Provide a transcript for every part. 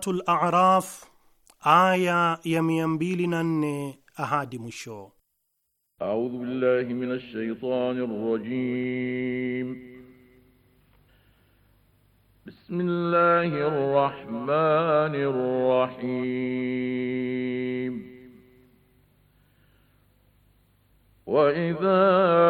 Suratul A'raf aya ya mia mbili na nne ahadi mwisho. A'udhu billahi minash shaitanir rajim. Bismillahir rahmanir rahim. Wa idha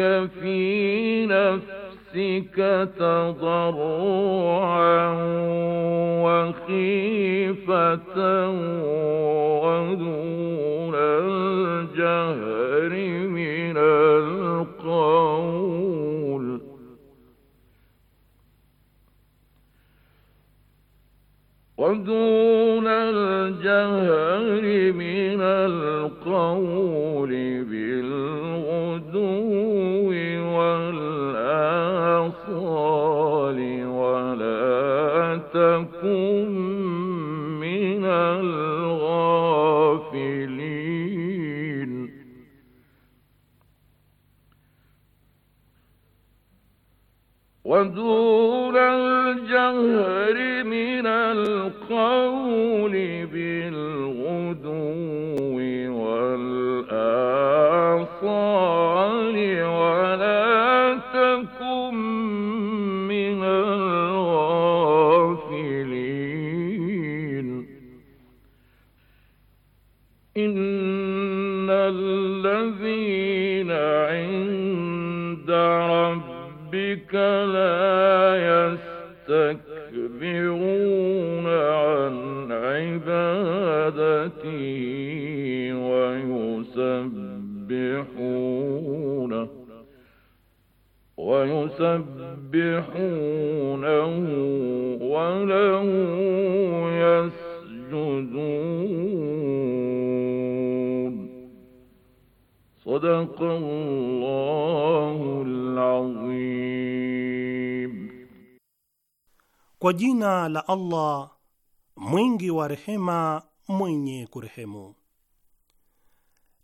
ربك في Kwa jina la Allah mwingi wa rehema mwenye kurehemu.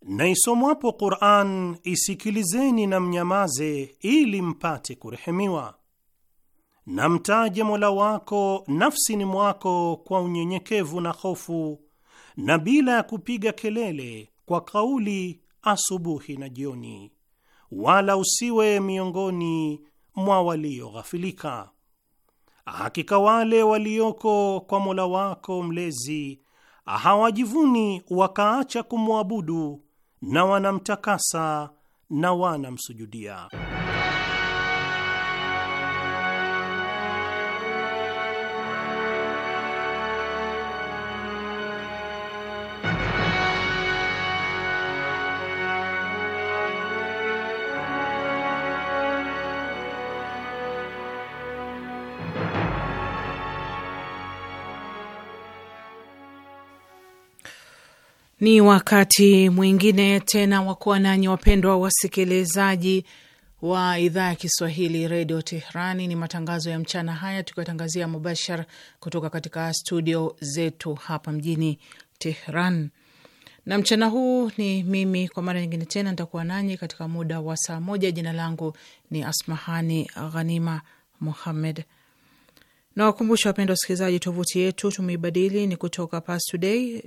Na isomwapo Qur'an isikilizeni na mnyamaze, ili mpate kurehemiwa na mtaje Mola wako nafsini mwako kwa unyenyekevu na hofu, na bila ya kupiga kelele kwa kauli asubuhi na jioni, wala usiwe miongoni mwa walioghafilika. Hakika wale walioko kwa Mola wako mlezi hawajivuni wakaacha kumwabudu, na wanamtakasa na wanamsujudia. Ni wakati mwingine tena wa kuwa nanyi wapendwa wasikilizaji wa idhaa ya Kiswahili redio Teherani. Ni matangazo ya mchana haya tukiwatangazia mubashar kutoka katika studio zetu hapa mjini Teheran. Na mchana huu ni mimi kwa mara nyingine tena nitakuwa nanyi katika muda wa saa moja. Jina langu ni Asmahani Ghanima Muhammed. nawakumbusha wapendwa wasikilizaji, tovuti yetu tumeibadili, ni kutoka pastoday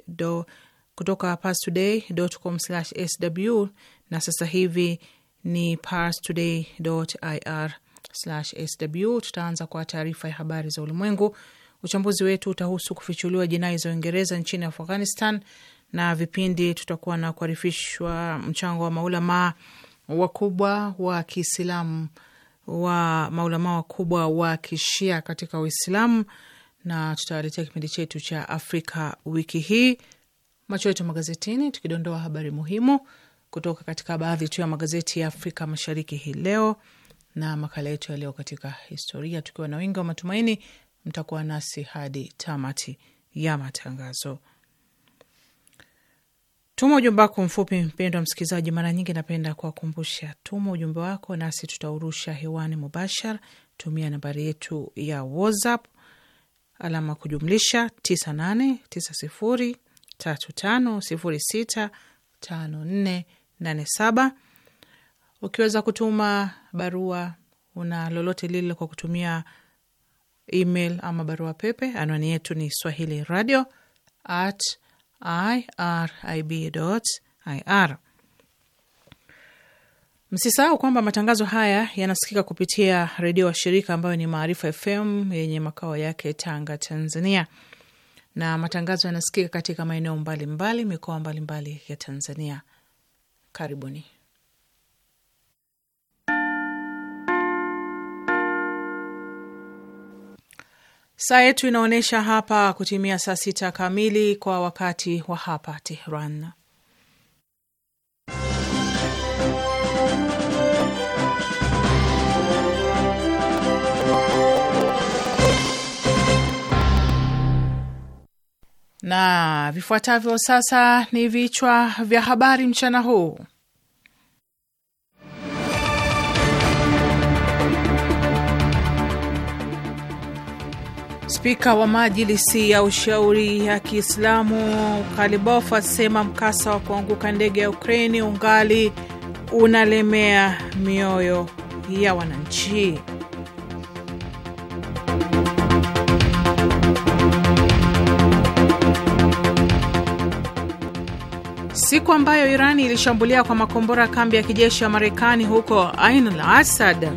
kutoka parstoday.com sw, na sasa hivi ni parstoday.ir sw. Tutaanza kwa taarifa ya habari za ulimwengu. Uchambuzi wetu utahusu kufichuliwa jinai za Uingereza nchini Afghanistan, na vipindi tutakuwa na kuharifishwa mchango wa maulamaa wakubwa wa Kiislamu wa maulama wakubwa wa Kishia katika Uislamu, na tutawaletea kipindi chetu cha Afrika wiki hii macho yetu magazetini, tukidondoa habari muhimu kutoka katika baadhi tu ya magazeti ya Afrika Mashariki hii leo na makala yetu ya leo katika historia, tukiwa na wingi wa matumaini mtakuwa nasi hadi tamati ya matangazo. Tuma ujumbe wako mfupi, mpendwa msikilizaji. Mara nyingi napenda kuwakumbusha, tuma ujumbe wako nasi tutaurusha hewani mubashara. Tumia nambari yetu ya WhatsApp alama kujumlisha 9890 35065487. Ukiweza kutuma barua, una lolote lile kwa kutumia email ama barua pepe, anwani yetu ni swahili radio at irib ir. Msisahau kwamba matangazo haya yanasikika kupitia redio wa shirika ambayo ni Maarifa FM yenye makao yake Tanga, Tanzania na matangazo yanasikika katika maeneo mbalimbali, mikoa mbalimbali ya Tanzania. Karibuni. Saa yetu inaonyesha hapa kutimia saa sita kamili kwa wakati wa hapa Tehran. na vifuatavyo sasa ni vichwa vya habari mchana huu. Spika wa Majilisi ya Ushauri ya Kiislamu Kalibof asema mkasa wa kuanguka ndege ya Ukraini ungali unalemea mioyo ya wananchi. Siku ambayo Irani ilishambulia kwa makombora kambi ya kijeshi ya Marekani huko Ain al-Asad.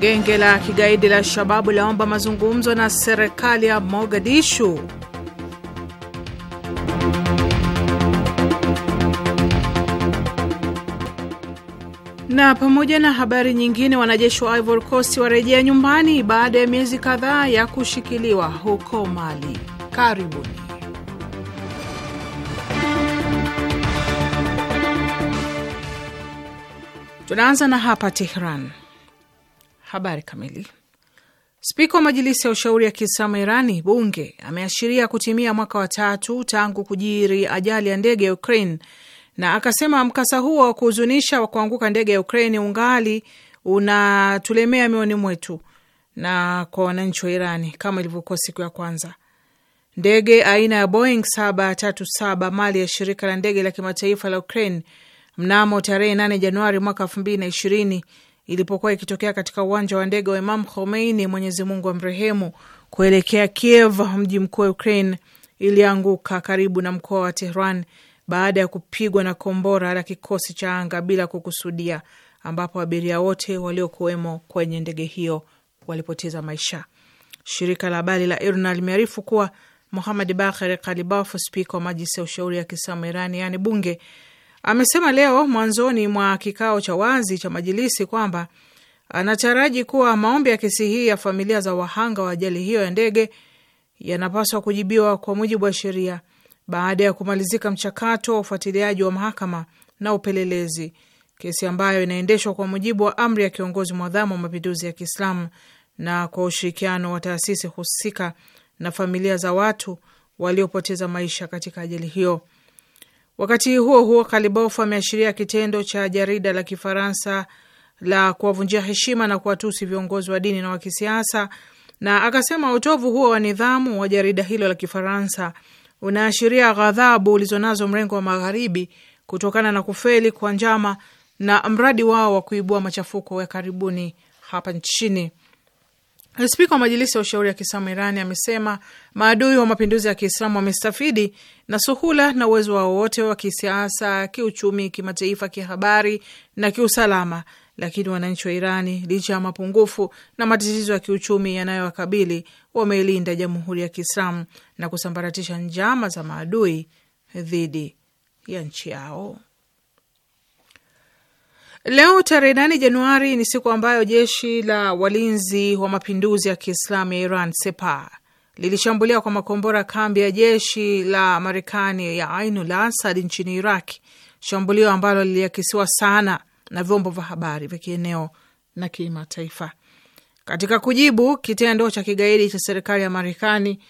Genge la kigaidi la Shababu laomba mazungumzo na serikali ya Mogadishu. Na pamoja na habari nyingine, wanajeshi wa Ivory Coast warejea nyumbani baada ya miezi kadhaa ya kushikiliwa huko Mali. Karibuni. Tunaanza na hapa Tehran. Habari kamili. Spika wa Majilisi ya Ushauri ya Kiislamu Irani, bunge, ameashiria kutimia mwaka wa tatu tangu kujiri ajali ya ndege ya Ukraine na akasema mkasa huo wa kuhuzunisha wa kuanguka ndege ya Ukraini ungali unatulemea mioni mwetu na kwa wananchi wa Irani kama ilivyokuwa siku ya kwanza. Ndege aina ya Boeing 737 mali ya shirika la ndege la kimataifa la Ukraine mnamo tarehe 8 Januari mwaka 2020 ilipokuwa ikitokea katika uwanja wa ndege wa Imam Khomeini, Mwenyezi Mungu amrehemu, kuelekea Kiev, mji mkuu wa Ukraine, ilianguka karibu na mkoa wa Tehran baada ya kupigwa na kombora la kikosi cha anga bila kukusudia, ambapo abiria wote waliokuwemo kwenye ndege hiyo walipoteza maisha. Shirika la habari la IRNA limearifu kuwa Muhamad Bakher Kalibaf, spika wa majlisi ya ushauri ya Kiislamu Irani yaani bunge, amesema leo mwanzoni mwa kikao cha wazi cha majilisi kwamba anataraji kuwa maombi ya kesi hii ya familia za wahanga wa ajali hiyo ya ndege yanapaswa kujibiwa kwa mujibu wa sheria baada ya kumalizika mchakato wa ufuatiliaji wa mahakama na upelelezi, kesi ambayo inaendeshwa kwa mujibu wa amri ya kiongozi mwadhamu wa mapinduzi ya Kiislamu na kwa ushirikiano wa taasisi husika na familia za watu waliopoteza maisha katika ajali hiyo. Wakati huo huo, Kalibof ameashiria kitendo cha jarida la Kifaransa la kuwavunjia heshima na kuwatusi viongozi wa dini na wa kisiasa, na akasema utovu huo wa nidhamu wa jarida hilo la Kifaransa unaashiria ghadhabu ulizonazo mrengo wa magharibi kutokana na kufeli kwa njama na mradi wao wa kuibua machafuko ya karibuni hapa nchini. Spika wa Majilisi ya Ushauri ya Kiislamu Irani amesema maadui wa mapinduzi ya Kiislamu wamestafidi na suhula na uwezo wao wote wa kisiasa, kiuchumi, kimataifa, kihabari na kiusalama, lakini wananchi wa Irani, licha ya mapungufu na matatizo ya kiuchumi yanayowakabili, wameilinda Jamhuri ya Kiislamu na kusambaratisha njama za maadui dhidi ya nchi yao. Leo tarehe nane Januari ni siku ambayo jeshi la walinzi wa mapinduzi ya Kiislamu ya Iran Sepa lilishambulia kwa makombora kambi ya jeshi la Marekani ya Ainul Asad nchini Iraq, shambulio ambalo liliakisiwa sana na vyombo vya habari vya kieneo na kimataifa. Katika kujibu kitendo cha kigaidi cha serikali ya Marekani,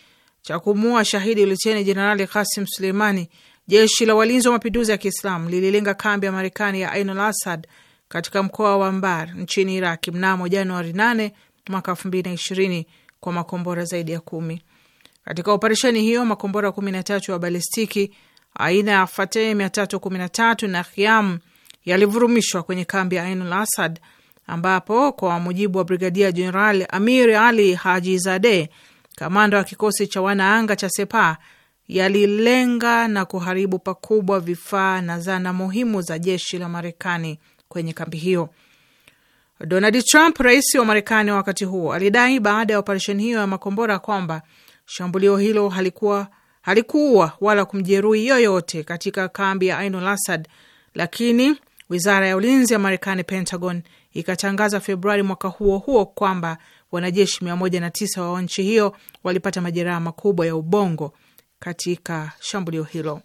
cha kumua shahidi Luteni Jenerali Kasim Suleimani, jeshi la walinzi wa mapinduzi ya Kiislamu lililenga kambi ya Marekani ya Ainul Asad katika mkoa wa Ambar nchini Iraki mnamo Januari 8 mwaka 2020 kwa makombora zaidi ya kumi. Katika operesheni hiyo makombora 13 ya balistiki aina ya Fateh 313 na Khiam yalivurumishwa kwenye kambi ya Ainul Asad, ambapo kwa mujibu wa Brigadia Jenerali Amir Ali Haji Zadeh kamanda wa kikosi cha wanaanga cha Sepa yalilenga na kuharibu pakubwa vifaa na zana muhimu za jeshi la Marekani kwenye kambi hiyo. Donald Trump, rais wa Marekani wakati huo, alidai baada ya operesheni hiyo ya makombora kwamba shambulio hilo halikuwa halikuua wala kumjeruhi yoyote katika kambi ya Ainul assad lakini wizara ya ulinzi ya Marekani, Pentagon, ikatangaza Februari mwaka huo huo kwamba wanajeshi tisa wa nchi hiyo walipata majeraha makubwa ya ubongo katika shambulio hilo.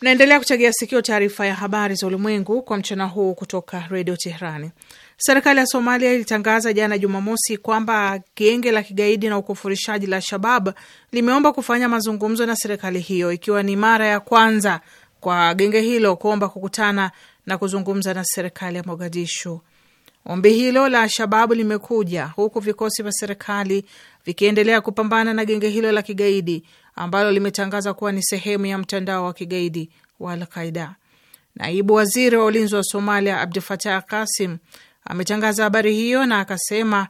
Naendelea kuchagia sikio taarifa ya habari za ulimwengu kwa mchana huu kutoka redio Teherani. Serikali ya Somalia ilitangaza jana Jumamosi kwamba genge la kigaidi na ukufurishaji la Shabab limeomba kufanya mazungumzo na serikali hiyo, ikiwa ni mara ya kwanza kwa genge hilo kuomba kukutana na kuzungumza na serikali ya Mogadishu. Ombi hilo la shababu limekuja huku vikosi vya serikali vikiendelea kupambana na genge hilo la kigaidi ambalo limetangaza kuwa ni sehemu ya mtandao wa kigaidi wa Alqaida. Naibu waziri wa ulinzi wa Somalia Abdu Fatah Kasim ametangaza habari hiyo na akasema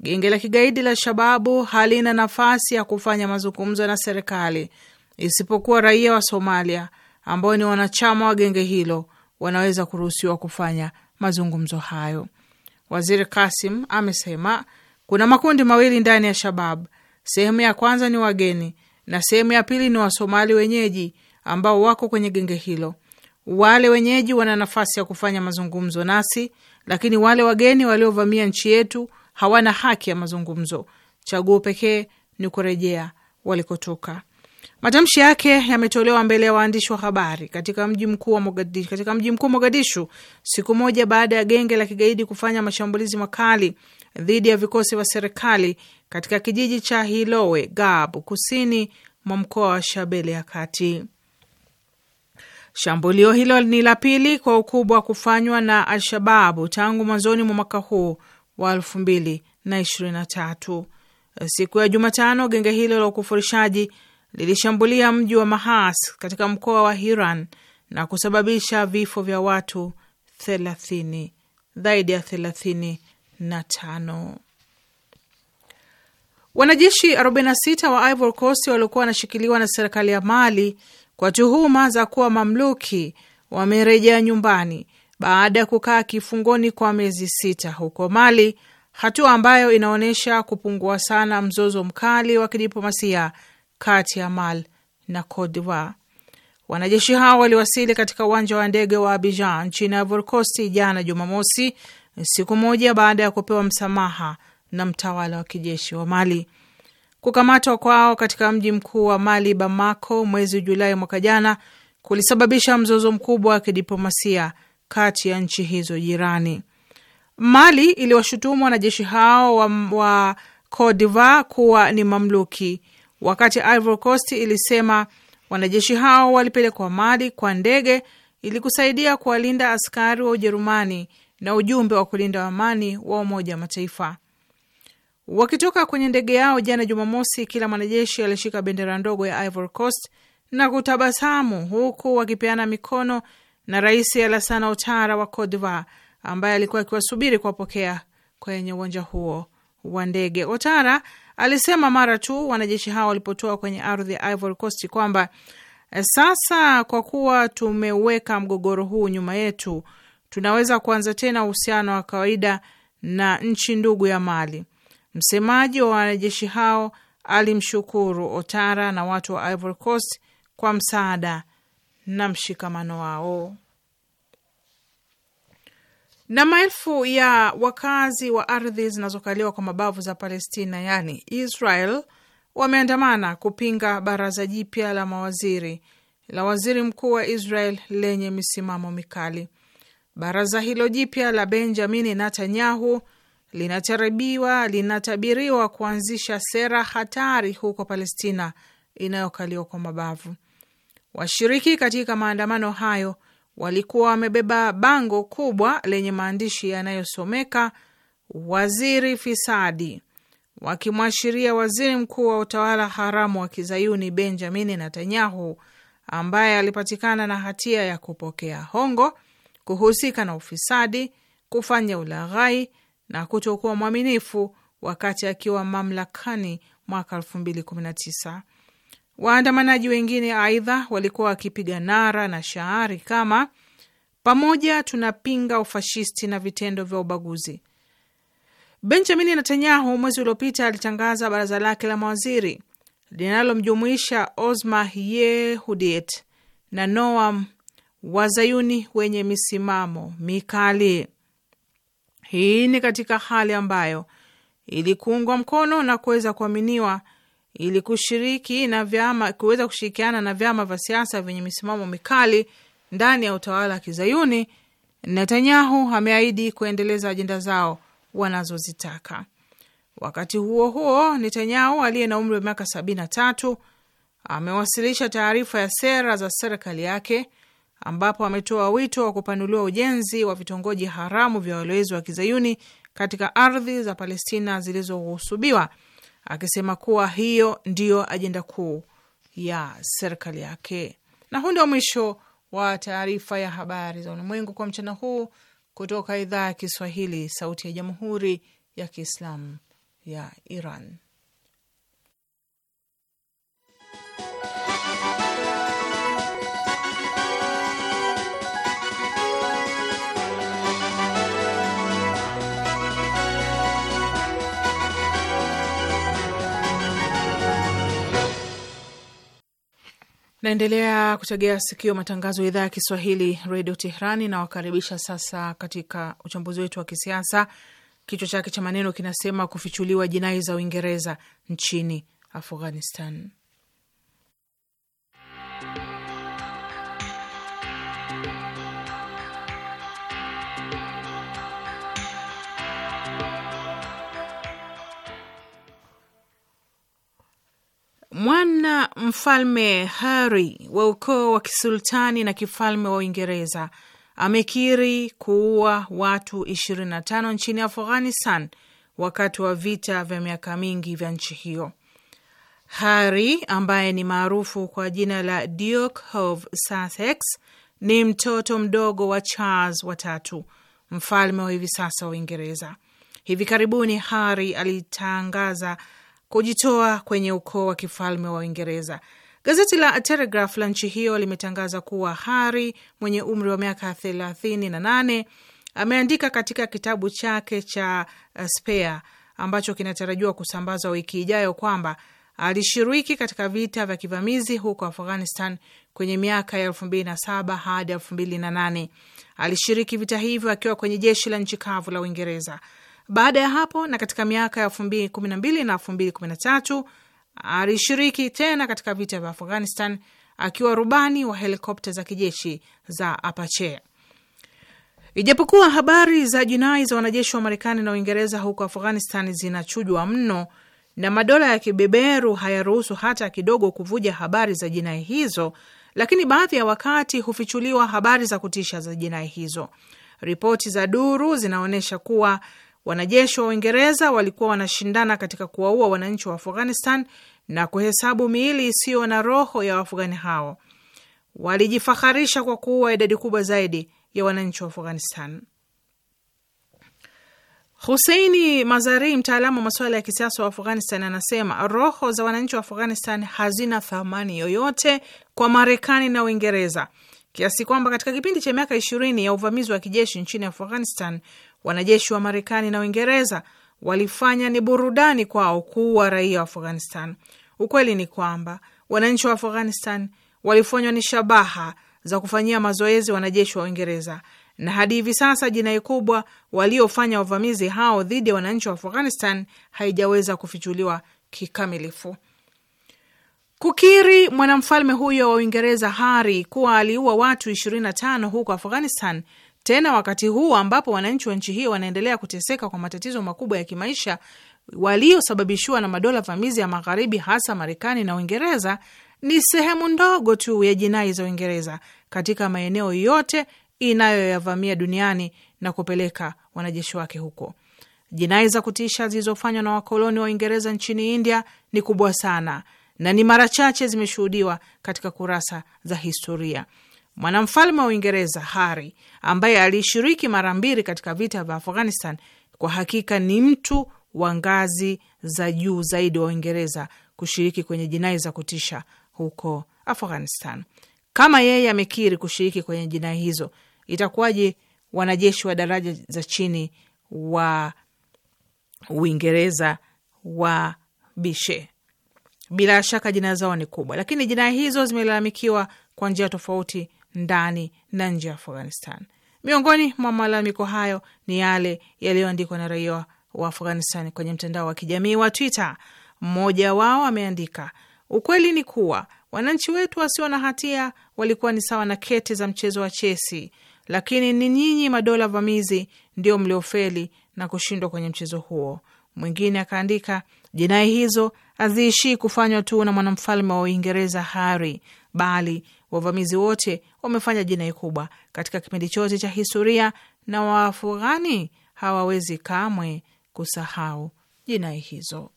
genge la kigaidi la Shababu halina nafasi ya kufanya mazungumzo na serikali isipokuwa raia wa Somalia ambao ni wanachama wa genge hilo wanaweza kuruhusiwa kufanya mazungumzo hayo. Waziri Kasim amesema kuna makundi mawili ndani ya Shabab. Sehemu ya kwanza ni wageni na sehemu ya pili ni Wasomali wenyeji ambao wako kwenye genge hilo. Wale wenyeji wana nafasi ya kufanya mazungumzo nasi, lakini wale wageni waliovamia nchi yetu hawana haki ya mazungumzo. Chaguo pekee ni kurejea walikotoka. Matamshi yake yametolewa mbele ya waandishi wa habari katika mji mkuu wa Mogadishu, katika mji mkuu Mogadishu, siku moja baada ya genge la kigaidi kufanya mashambulizi makali dhidi ya vikosi vya serikali katika kijiji cha Hilowe Gab, kusini mwa mkoa wa Shabele ya kati. Shambulio hilo ni la pili kwa ukubwa wa kufanywa na Alshababu tangu mwanzoni mwa mwaka huu wa elfu mbili na ishirini na tatu. Siku ya Jumatano, genge hilo la ukufurishaji lilishambulia mji wa Mahas katika mkoa wa Hiran na kusababisha vifo vya watu thelathini zaidi ya thelathini na tano. Wanajeshi 46 wa Ivory Coast waliokuwa wanashikiliwa na serikali ya Mali kwa tuhuma za kuwa mamluki wamerejea nyumbani baada ya kukaa kifungoni kwa miezi sita huko Mali, hatua ambayo inaonyesha kupungua sana mzozo mkali wa kidiplomasia kati ya Mali na Cote d'Ivoire. Wanajeshi hao waliwasili katika uwanja wa ndege wa Abidjan nchini Ivory Coast jana Jumamosi, siku moja baada ya kupewa msamaha na mtawala wa kijeshi wa Mali. Kukamatwa kwao katika mji mkuu wa Mali, Bamako, mwezi Julai mwaka jana kulisababisha mzozo mkubwa wa kidiplomasia kati ya nchi hizo jirani. Mali iliwashutumu wanajeshi hao wa, wa Cote d'Ivoire kuwa ni mamluki wakati Ivory Coast ilisema wanajeshi hao walipelekwa Mali kwa ndege ili kusaidia kuwalinda askari wa Ujerumani na ujumbe wa kulinda amani wa Umoja wa Mataifa. Wakitoka kwenye ndege yao jana Jumamosi, kila mwanajeshi alishika bendera ndogo ya Ivory Coast na kutabasamu huku wakipeana mikono na Rais Alassane Ouattara wa Cote d'Ivoire ambaye alikuwa akiwasubiri kuwapokea kwenye uwanja huo wa ndege. Ouattara alisema mara tu wanajeshi hao walipotoa kwenye ardhi ya Ivory Coast kwamba eh, sasa, kwa kuwa tumeweka mgogoro huu nyuma yetu, tunaweza kuanza tena uhusiano wa kawaida na nchi ndugu ya Mali. Msemaji wa wanajeshi hao alimshukuru Otara na watu wa Ivory Coast kwa msaada na mshikamano wao na maelfu ya wakazi wa ardhi zinazokaliwa kwa mabavu za Palestina yani Israel wameandamana kupinga baraza jipya la mawaziri la waziri mkuu wa Israel lenye misimamo mikali. Baraza hilo jipya la Benjamini Netanyahu linatarabiwa linatabiriwa kuanzisha sera hatari huko Palestina inayokaliwa kwa mabavu. Washiriki katika maandamano hayo walikuwa wamebeba bango kubwa lenye maandishi yanayosomeka waziri fisadi, wakimwashiria waziri mkuu wa utawala haramu wa kizayuni Benjamin Netanyahu ambaye alipatikana na hatia ya kupokea hongo, kuhusika na ufisadi, kufanya ulaghai na kutokuwa mwaminifu wakati akiwa mamlakani mwaka 2019. Waandamanaji wengine aidha walikuwa wakipiga nara na shaari kama pamoja tunapinga ufashisti na vitendo vya ubaguzi. Benjamini Netanyahu mwezi uliopita alitangaza baraza lake la mawaziri linalomjumuisha Ozma Yehudiet na Noam Wazayuni wenye misimamo mikali. Hii ni katika hali ambayo ilikuungwa mkono na kuweza kuaminiwa ili kushiriki na vyama kuweza kushirikiana na vyama vya siasa vyenye misimamo mikali ndani ya utawala wa Kizayuni, Netanyahu ameahidi kuendeleza ajenda zao wanazozitaka. Wakati huo huo, Netanyahu aliye na umri wa miaka sabini na tatu amewasilisha taarifa ya sera za serikali yake ambapo ametoa wito wa kupanuliwa ujenzi wa vitongoji haramu vya walowezi wa Kizayuni katika ardhi za Palestina zilizohusubiwa akisema kuwa hiyo ndiyo ajenda kuu ya serikali yake. Na huu ndio mwisho wa taarifa ya habari za ulimwengu kwa mchana huu kutoka idhaa ya Kiswahili, Sauti ya Jamhuri ya Kiislamu ya Iran. Naendelea kutegea sikio matangazo ya idhaa ya Kiswahili redio Tehrani. Nawakaribisha sasa katika uchambuzi wetu wa kisiasa. Kichwa chake cha maneno kinasema kufichuliwa jinai za Uingereza nchini Afghanistan. Mfalme Harry wa ukoo wa kisultani na kifalme wa Uingereza amekiri kuua watu 25 nchini Afghanistan wakati wa vita vya miaka mingi vya nchi hiyo. Harry ambaye ni maarufu kwa jina la Duke of Sussex ni mtoto mdogo wa Charles watatu mfalme wa hivi sasa wa Uingereza. Hivi karibuni Harry alitangaza kujitoa kwenye ukoo wa kifalme wa Uingereza. Gazeti la Telegraph la nchi hiyo limetangaza kuwa Hari mwenye umri wa miaka thelathini na nane ameandika katika kitabu chake cha uh, Spare ambacho kinatarajiwa kusambazwa wiki ijayo kwamba alishiriki katika vita vya kivamizi huko Afghanistan kwenye miaka ya elfu mbili na saba hadi elfu mbili na nane. Alishiriki vita hivyo akiwa kwenye jeshi la nchi kavu la Uingereza. Baada ya hapo na katika miaka ya elfu mbili kumi na mbili na elfu mbili kumi na tatu alishiriki tena katika vita vya Afghanistan akiwa rubani wa helikopta za kijeshi za Apache. Ijapokuwa habari za jinai za wanajeshi wa Marekani na Uingereza huko Afghanistan zinachujwa mno na madola ya kibeberu hayaruhusu hata kidogo kuvuja habari za jinai hizo, lakini baadhi ya wakati hufichuliwa habari za kutisha za jinai hizo. Ripoti za duru zinaonyesha kuwa Wanajeshi wa Uingereza walikuwa wanashindana katika kuwaua wananchi wa Afghanistan na kuhesabu miili isiyo na roho ya Waafghani hao. Walijifaharisha kwa kuua idadi kubwa zaidi ya wananchi wa Afghanistan. Huseini Mazari, mtaalamu wa masuala ya kisiasa wa Afghanistan, anasema roho za wananchi wa Afghanistan hazina thamani yoyote kwa Marekani na Uingereza, kiasi kwamba katika kipindi cha miaka ishirini ya uvamizi wa kijeshi nchini Afghanistan Wanajeshi wa Marekani na Uingereza walifanya ni burudani kwao kuua raia wa Afghanistan. Ukweli ni kwamba wananchi wa Afghanistan walifanywa ni shabaha za kufanyia mazoezi wanajeshi wa Uingereza, na hadi hivi sasa jinai kubwa waliofanya wavamizi hao dhidi ya wananchi wa Afghanistan haijaweza kufichuliwa kikamilifu. Kukiri mwanamfalme huyo wa Uingereza Hari kuwa aliua watu 25 huko Afghanistan tena wakati huu ambapo wananchi wa nchi hiyo wanaendelea kuteseka kwa matatizo makubwa ya kimaisha waliosababishiwa na madola vamizi ya Magharibi, hasa Marekani na Uingereza, ni sehemu ndogo tu ya jinai za Uingereza katika maeneo yote inayoyavamia duniani na kupeleka wanajeshi wake huko. Jinai za kutisha zilizofanywa na wakoloni wa Uingereza nchini India ni kubwa sana na ni mara chache zimeshuhudiwa katika kurasa za historia. Mwanamfalme wa Uingereza Harry ambaye alishiriki mara mbili katika vita vya Afghanistan kwa hakika ni mtu wa ngazi za juu zaidi wa Uingereza kushiriki kwenye jinai za kutisha huko Afghanistan. Kama yeye amekiri kushiriki kwenye jinai hizo, itakuwaje wanajeshi wa daraja za chini wa Uingereza wa bishe? Bila shaka jinai zao ni kubwa, lakini jinai hizo zimelalamikiwa kwa njia tofauti ndani na nje ya Afghanistan. Miongoni mwa malalamiko hayo ni yale yaliyoandikwa na raia wa Afghanistan kwenye mtandao wa kijamii wa Twitter. Mmoja wao ameandika, ukweli ni kuwa wananchi wetu wasio na hatia walikuwa ni sawa na kete za mchezo wa chesi, lakini ni nyinyi madola vamizi ndio mliofeli na kushindwa kwenye mchezo huo. Mwingine akaandika, jinai hizo haziishii kufanywa tu na mwanamfalme wa Uingereza Harry, bali Wavamizi wote wamefanya jinai kubwa katika kipindi chote cha historia, na Waafughani hawawezi kamwe kusahau jinai hizo.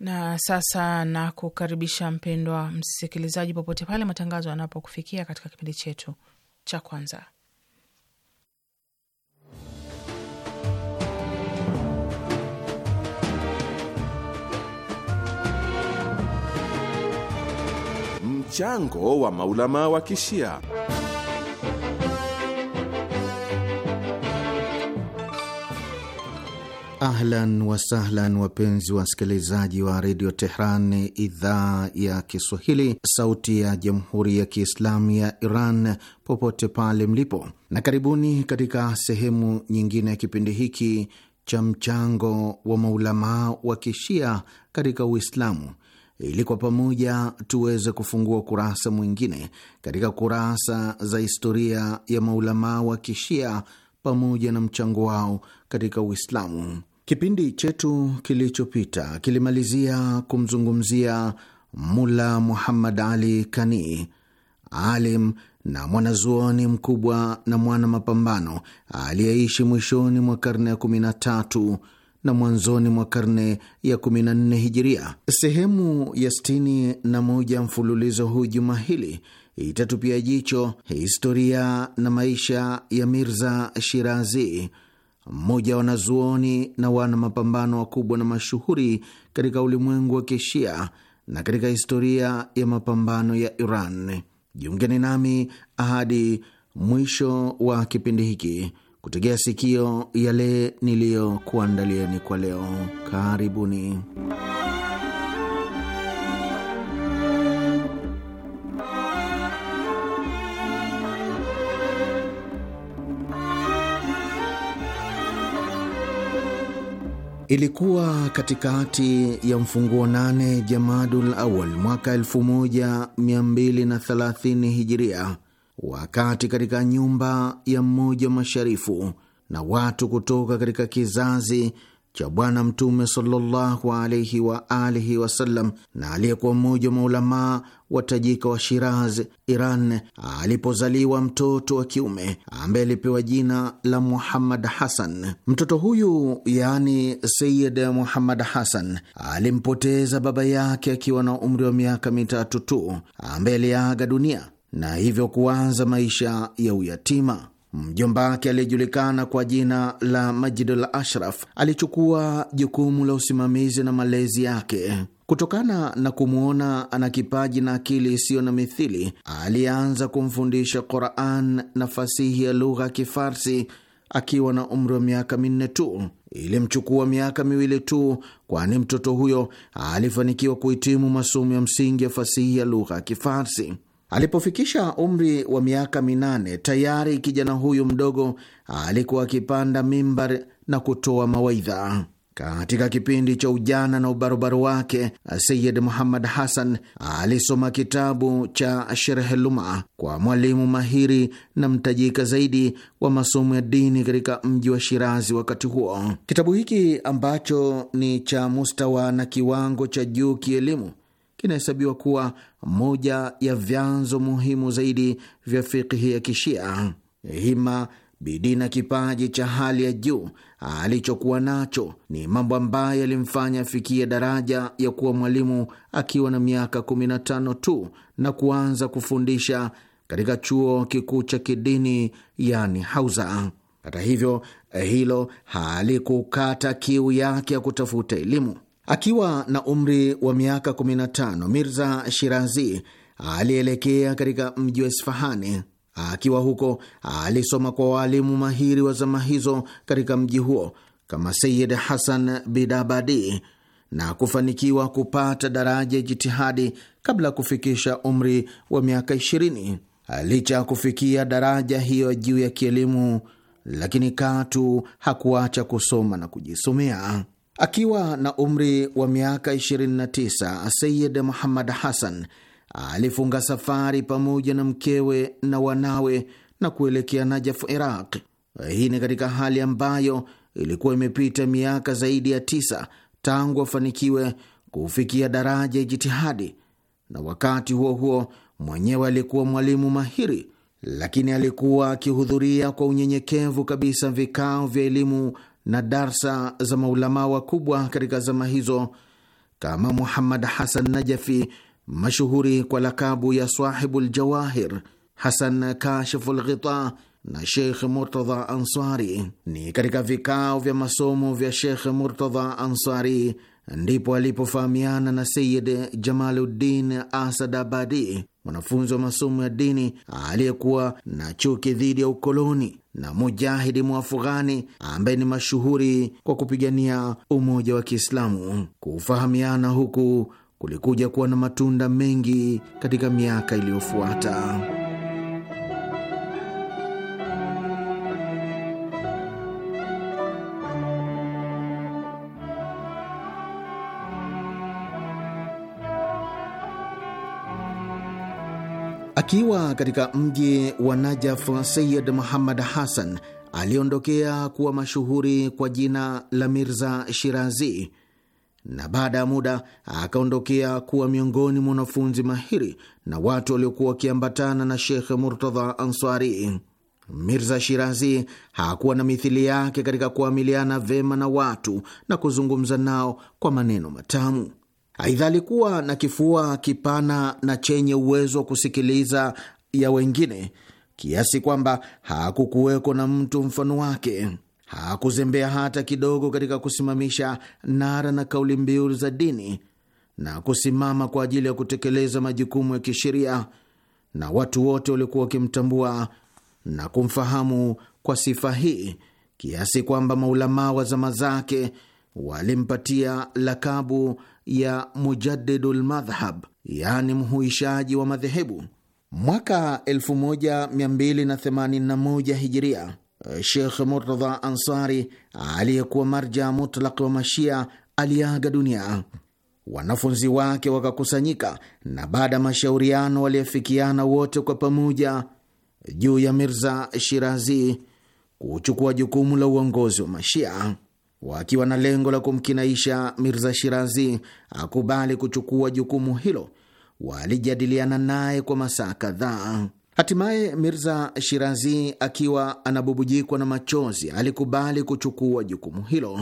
Na sasa na kukaribisha mpendwa msikilizaji, popote pale matangazo yanapokufikia katika kipindi chetu cha kwanza mchango wa maulama wa Kishia. Ahlan wasahlan, wapenzi wasikilizaji wa redio Tehran, idhaa ya Kiswahili, sauti ya jamhuri ya kiislamu ya Iran, popote pale mlipo, na karibuni katika sehemu nyingine ya kipindi hiki cha mchango wa maulamaa wa kishia katika Uislamu, ili kwa pamoja tuweze kufungua kurasa mwingine katika kurasa za historia ya maulamaa wa kishia pamoja na mchango wao katika Uislamu. Kipindi chetu kilichopita kilimalizia kumzungumzia Mula Muhammad Ali Kani, alim na mwanazuoni mkubwa na mwana mapambano aliyeishi mwishoni mwa karne ya tatu na mwanzoni mwa karne ya 14 hijiria. Sehemu ya 61 na moja mfululizo huu juma hili itatupia jicho historia na maisha ya Mirza Shirazi, mmoja wa wanazuoni na wana mapambano wakubwa na mashuhuri katika ulimwengu wa Kishia na katika historia ya mapambano ya Iran. Jiungeni nami ahadi mwisho wa kipindi hiki kutegea sikio yale niliyokuandalieni kwa leo. Karibuni. Ilikuwa katikati ya mfunguo nane Jamadul Awal mwaka 1230 Hijiria, wakati katika nyumba ya mmoja masharifu na watu kutoka katika kizazi cha Bwana Mtume sallallahu alaihi wa alihi wasallam na aliyekuwa mmoja wa maulamaa watajika wa Shiraz, Iran, alipozaliwa mtoto wa kiume ambaye alipewa jina la Muhammad Hasan. Mtoto huyu yaani Sayid Muhammad Hasan alimpoteza baba yake akiwa na umri wa miaka mitatu tu, ambaye aliaga dunia na hivyo kuanza maisha ya uyatima. Mjomba wake aliyejulikana kwa jina la Majidul Ashraf alichukua jukumu la usimamizi na malezi yake. Kutokana na kumwona ana kipaji na akili isiyo na mithili, alianza kumfundisha Quran na fasihi ya lugha ya Kifarsi akiwa na umri wa miaka minne tu. Ilimchukua miaka miwili tu, kwani mtoto huyo alifanikiwa kuhitimu masomo ya msingi ya fasihi ya lugha ya Kifarsi. Alipofikisha umri wa miaka minane, tayari kijana huyu mdogo alikuwa akipanda mimbar na kutoa mawaidha. Katika kipindi cha ujana na ubarobaro wake, Sayid Muhammad Hassan alisoma kitabu cha Sherheluma kwa mwalimu mahiri na mtajika zaidi wa masomo ya dini katika mji wa Shirazi wakati huo. Kitabu hiki ambacho ni cha mustawa na kiwango cha juu kielimu kinahesabiwa kuwa moja ya vyanzo muhimu zaidi vya fikihi ya Kishia. Hima, bidii na kipaji cha hali ya juu alichokuwa nacho ni mambo ambayo yalimfanya afikie daraja ya kuwa mwalimu akiwa na miaka 15 tu na kuanza kufundisha katika chuo kikuu cha kidini yani Hauza. Hata hivyo, hilo halikukata kiu yake ya kutafuta elimu. Akiwa na umri wa miaka 15 Mirza Shirazi alielekea katika mji wa Isfahani. Akiwa huko alisoma kwa waalimu mahiri wa zama hizo katika mji huo kama Sayid Hasan Bidabadi na kufanikiwa kupata daraja ya jitihadi kabla ya kufikisha umri wa miaka 20. Licha ya kufikia daraja hiyo juu ya kielimu, lakini katu hakuacha kusoma na kujisomea. Akiwa na umri wa miaka 29, Sayid Muhammad Hassan alifunga safari pamoja na mkewe na wanawe na kuelekea Najaf, Iraq. Hii ni katika hali ambayo ilikuwa imepita miaka zaidi ya tisa tangu afanikiwe kufikia daraja ya jitihadi, na wakati huo huo mwenyewe alikuwa mwalimu mahiri, lakini alikuwa akihudhuria kwa unyenyekevu kabisa vikao vya elimu na darsa za maulamaa wakubwa katika zama hizo kama Muhammad Hasan Najafi, mashuhuri kwa lakabu ya Sahibu Ljawahir, Hasan Kashifu Lghita na Sheikh Murtadha Ansari. Ni katika vikao vya masomo vya Sheikh Murtadha Ansari ndipo alipofahamiana na Sayid Jamaluddin Asad Abadi, mwanafunzi wa masomo ya dini aliyekuwa na chuki dhidi ya ukoloni na mujahidi Mwafughani ambaye ni mashuhuri kwa kupigania umoja wa Kiislamu. Kufahamiana huku kulikuja kuwa na matunda mengi katika miaka iliyofuata. Akiwa katika mji wa Najaf, Sayid Muhammad Hassan aliondokea kuwa mashuhuri kwa jina la Mirza Shirazi, na baada ya muda akaondokea kuwa miongoni mwa wanafunzi mahiri na watu waliokuwa wakiambatana na Shekh Murtadha Ansari. Mirza Shirazi hakuwa na mithili yake katika kuamiliana vema na watu na kuzungumza nao kwa maneno matamu. Aidha, alikuwa na kifua kipana na chenye uwezo wa kusikiliza ya wengine kiasi kwamba hakukuweko na mtu mfano wake. Hakuzembea hata kidogo katika kusimamisha nara na kauli mbiu za dini na kusimama kwa ajili ya kutekeleza majukumu ya kisheria, na watu wote walikuwa wakimtambua na kumfahamu kwa sifa hii, kiasi kwamba maulamaa wa zama zake walimpatia lakabu ya Mujadidul Madhhab, yani mhuishaji wa madhehebu. Mwaka 1281 Hijiria, Shekh Murtadha Ansari aliyekuwa marja mutlaq wa Mashia aliaga dunia. Wanafunzi wake wakakusanyika na baada ya mashauriano waliafikiana wote kwa pamoja juu ya Mirza Shirazi kuchukua jukumu la uongozi wa Mashia wakiwa na lengo la kumkinaisha Mirza Shirazi akubali kuchukua jukumu hilo. Walijadiliana naye kwa masaa kadhaa. Hatimaye Mirza Shirazi akiwa anabubujikwa na machozi alikubali kuchukua jukumu hilo.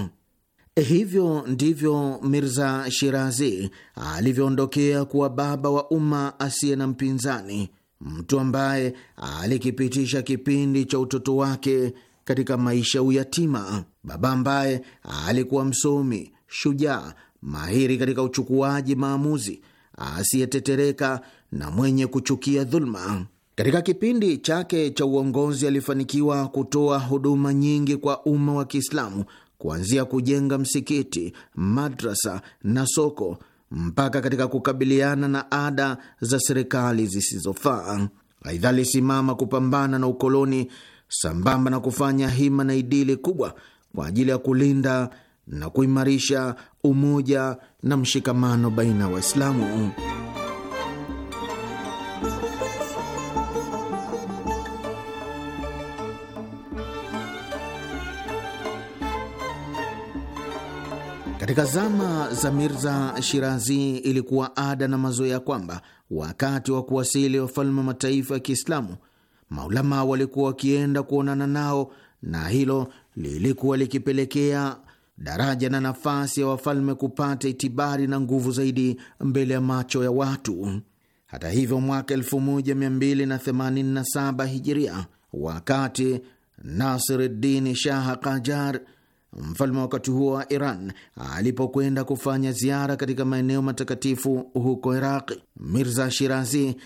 Hivyo ndivyo Mirza Shirazi alivyoondokea kuwa baba wa umma asiye na mpinzani, mtu ambaye alikipitisha kipindi cha utoto wake katika maisha uyatima. Baba ambaye alikuwa msomi, shujaa, mahiri katika uchukuaji maamuzi, asiyetetereka na mwenye kuchukia dhuluma. Katika kipindi chake cha uongozi alifanikiwa kutoa huduma nyingi kwa umma wa Kiislamu, kuanzia kujenga msikiti, madrasa na soko mpaka katika kukabiliana na ada za serikali zisizofaa. Aidha, alisimama kupambana na ukoloni sambamba na kufanya hima na idili kubwa kwa ajili ya kulinda na kuimarisha umoja na mshikamano baina ya Waislamu. Katika zama za Mirza Shirazi ilikuwa ada na mazoea kwamba wakati wa kuwasili wafalme wa mataifa ya Kiislamu maulama walikuwa wakienda kuonana nao, na hilo lilikuwa likipelekea daraja na nafasi ya wafalme kupata itibari na nguvu zaidi mbele ya macho ya watu. Hata hivyo, mwaka 1287 hijiria, wakati Nasiruddin Shah Kajar mfalme wa wakati huo wa Iran alipokwenda kufanya ziara katika maeneo matakatifu huko Iraqi, Mirza Shirazi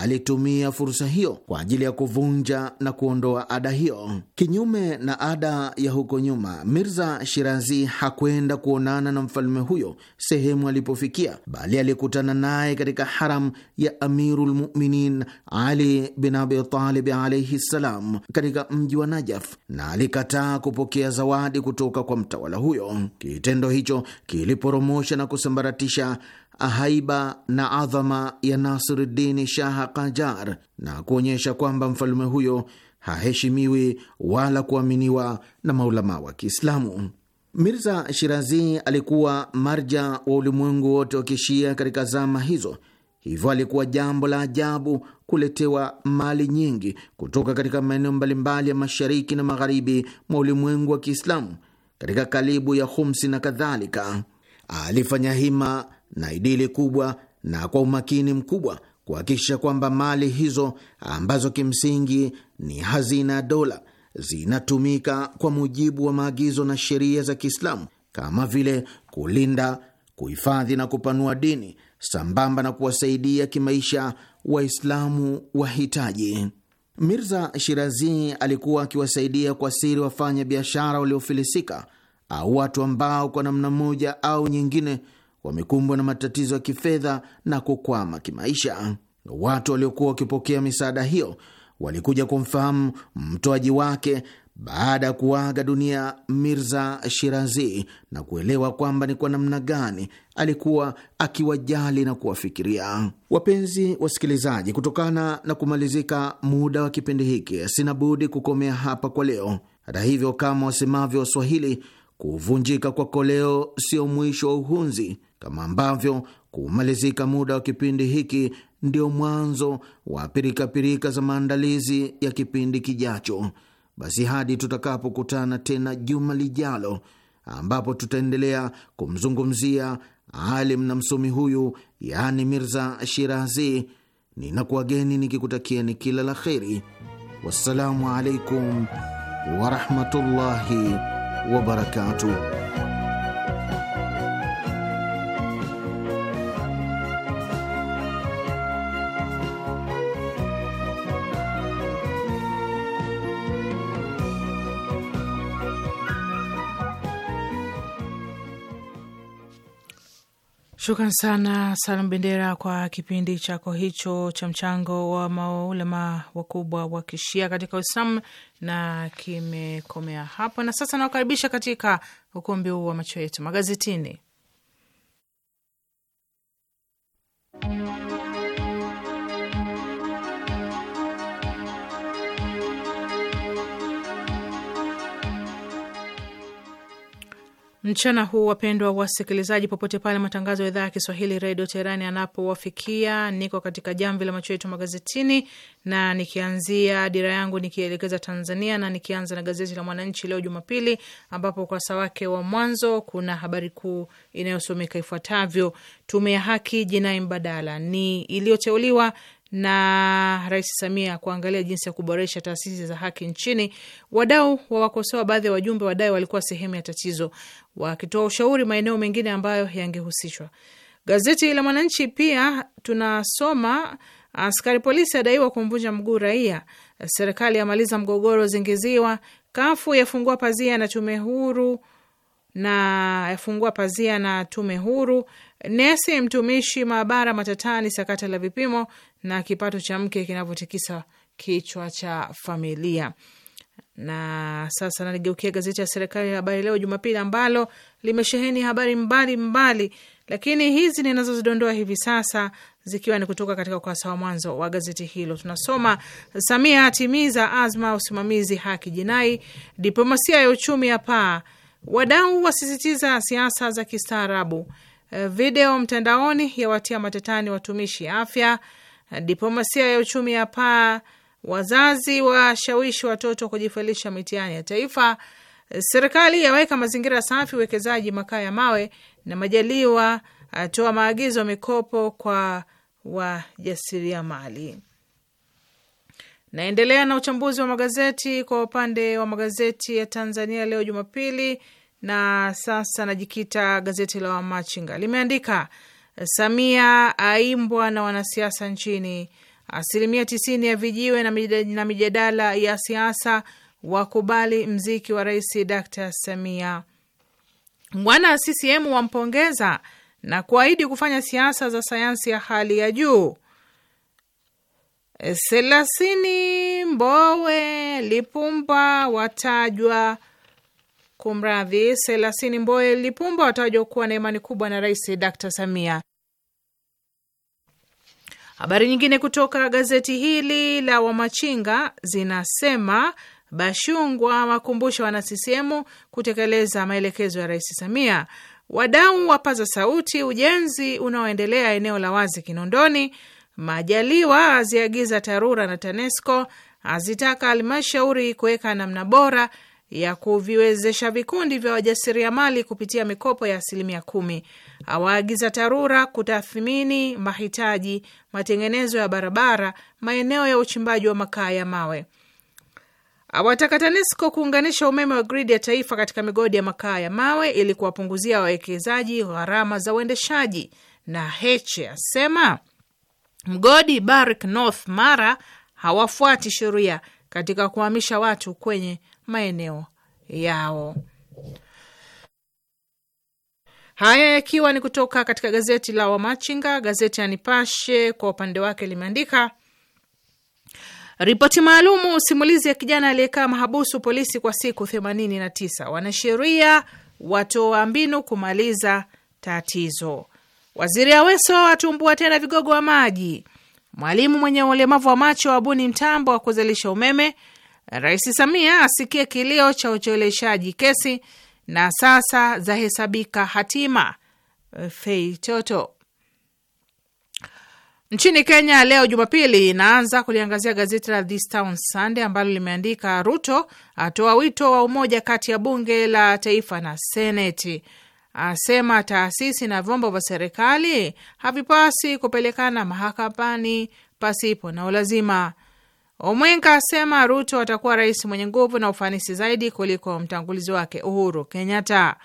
alitumia fursa hiyo kwa ajili ya kuvunja na kuondoa ada hiyo. Kinyume na ada ya huko nyuma, Mirza Shirazi hakwenda kuonana na mfalme huyo sehemu alipofikia, bali alikutana naye katika haram ya Amirul Muminin Ali bin Abi Talib alaihi ssalam katika mji wa Najaf, na alikataa kupokea zawadi kutoka kutoka kwa mtawala huyo. Kitendo hicho kiliporomosha na kusambaratisha haiba na adhama ya Nasiruddin Shah Kajar na kuonyesha kwamba mfalme huyo haheshimiwi wala kuaminiwa na maulamaa wa Kiislamu. Mirza Shirazi alikuwa marja wa ulimwengu wote wa Kishia katika zama hizo, hivyo alikuwa jambo la ajabu kuletewa mali nyingi kutoka katika maeneo mbalimbali ya mashariki na magharibi mwa ulimwengu wa Kiislamu katika kalibu ya Khumsi na kadhalika. Alifanya hima na idili kubwa na kwa umakini mkubwa kuhakikisha kwamba mali hizo ambazo kimsingi ni hazina ya dola zinatumika kwa mujibu wa maagizo na sheria za Kiislamu kama vile kulinda, kuhifadhi na kupanua dini sambamba na kuwasaidia kimaisha Waislamu wahitaji. Mirza Shirazi alikuwa akiwasaidia kwa siri wafanya biashara waliofilisika au watu ambao kwa namna moja au nyingine wamekumbwa na matatizo ya kifedha na kukwama kimaisha. Watu waliokuwa wakipokea misaada hiyo walikuja kumfahamu mtoaji wake baada ya kuaga dunia Mirza Shirazi na kuelewa kwamba ni kwa namna gani alikuwa akiwajali na kuwafikiria wapenzi wasikilizaji, kutokana na kumalizika muda wa kipindi hiki, sina budi kukomea hapa kwa leo. Hata hivyo, kama wasemavyo Waswahili, kuvunjika kwa koleo sio mwisho wa uhunzi, kama ambavyo kumalizika muda wa kipindi hiki ndio mwanzo wa pirikapirika pirika za maandalizi ya kipindi kijacho. Basi hadi tutakapokutana tena juma lijalo, ambapo tutaendelea kumzungumzia alim na msomi huyu, yaani Mirza Shirazi, ninakuwageni nikikutakieni kila la kheri. Wassalamu alaikum warahmatullahi wabarakatuh. Shukran sana Salum Bendera kwa kipindi chako hicho cha mchango wa maulama wakubwa wa kishia katika Uislamu, na kimekomea hapo. Na sasa nawakaribisha katika ukumbi huu wa macho yetu magazetini mchana huu, wapendwa wasikilizaji, popote pale matangazo ya idhaa ya Kiswahili redio Teherani yanapowafikia, niko katika jamvi la macho yetu magazetini, na nikianzia dira yangu nikielekeza Tanzania na nikianza na gazeti la Mwananchi leo Jumapili, ambapo ukurasa wake wa mwanzo kuna habari kuu inayosomeka ifuatavyo: tume ya haki jinai mbadala ni iliyoteuliwa na Rais Samia kuangalia jinsi ya kuboresha taasisi za haki nchini. Wadau wawakosoa baadhi ya wajumbe wadai walikuwa sehemu ya tatizo, wakitoa ushauri maeneo mengine ambayo yangehusishwa. Gazeti la Mwananchi pia tunasoma askari polisi adaiwa kumvunja mguu raia, serikali yamaliza mgogoro zingiziwa, kafu yafungua pazia na tume huru na yafungua pazia na tume huru. Nesi mtumishi maabara matatani sakata la vipimo, na kipato cha mke kinavyotikisa kichwa cha familia. Na sasa naligeukia gazeti ya serikali la Habari Leo Jumapili ambalo limesheheni habari mbalimbali mbali, lakini hizi ninazozidondoa hivi sasa zikiwa ni kutoka katika ukurasa wa mwanzo wa gazeti hilo. Tunasoma Samia atimiza azma usimamizi haki jinai, diplomasia ya uchumi ya paa, wadau wasisitiza siasa za kistaarabu, eh, video mtandaoni yawatia matatani watumishi afya Diplomasia ya uchumi ya paa, wazazi washawishi watoto kujifailisha mitihani ya taifa, serikali yaweka mazingira safi uwekezaji makaa ya mawe, na Majaliwa atoa maagizo mikopo kwa wajasiriamali. Naendelea na uchambuzi wa magazeti kwa upande wa magazeti ya Tanzania leo Jumapili, na sasa najikita gazeti la Wamachinga limeandika Samia aimbwa na wanasiasa nchini. Asilimia tisini ya vijiwe na mijadala ya siasa wakubali mziki wa Rais Dr Samia. Mwana CCM wampongeza na kuahidi kufanya siasa za sayansi ya hali ya juu. Selasini Mbowe Lipumba watajwa Kumradhi, Selasini Mboe Lipumba watajwa kuwa na imani kubwa na Rais Dr Samia. Habari nyingine kutoka gazeti hili la Wamachinga zinasema Bashungwa wakumbusha wana CCM kutekeleza maelekezo ya Rais Samia. Wadau wapaza sauti ujenzi unaoendelea eneo la wazi Kinondoni. Majaliwa aziagiza TARURA na TANESCO azitaka halmashauri kuweka namna bora ya kuviwezesha vikundi vya wajasiriamali kupitia mikopo ya asilimia kumi. Awaagiza TARURA kutathmini mahitaji matengenezo ya barabara maeneo ya uchimbaji wa makaa ya mawe. Awataka TANESCO kuunganisha umeme wa gridi ya taifa katika migodi ya makaa ya mawe ili kuwapunguzia wawekezaji gharama za uendeshaji. Na Heche asema mgodi Barrick North Mara hawafuati sheria katika kuhamisha watu kwenye maeneo yao. Haya yakiwa ni kutoka katika gazeti la Wamachinga. Gazeti ya Nipashe kwa upande wake limeandika ripoti maalumu, simulizi ya kijana aliyekaa mahabusu polisi kwa siku themanini na tisa. Wanasheria watoa mbinu kumaliza tatizo. Waziri Aweso atumbua tena vigogo wa maji. Mwalimu mwenye ulemavu wa macho wabuni mtambo wa kuzalisha umeme. Rais Samia asikie kilio cha ucheleweshaji kesi na sasa zahesabika hatima. Fei Toto. Nchini Kenya leo Jumapili inaanza kuliangazia gazeti la This Town Sunday ambalo limeandika Ruto atoa wito wa umoja kati ya bunge la taifa na seneti, asema taasisi na vyombo vya serikali havipasi kupelekana mahakamani pasipo na ulazima. Omwenga asema Ruto atakuwa rais mwenye nguvu na ufanisi zaidi kuliko mtangulizi wake Uhuru Kenyatta.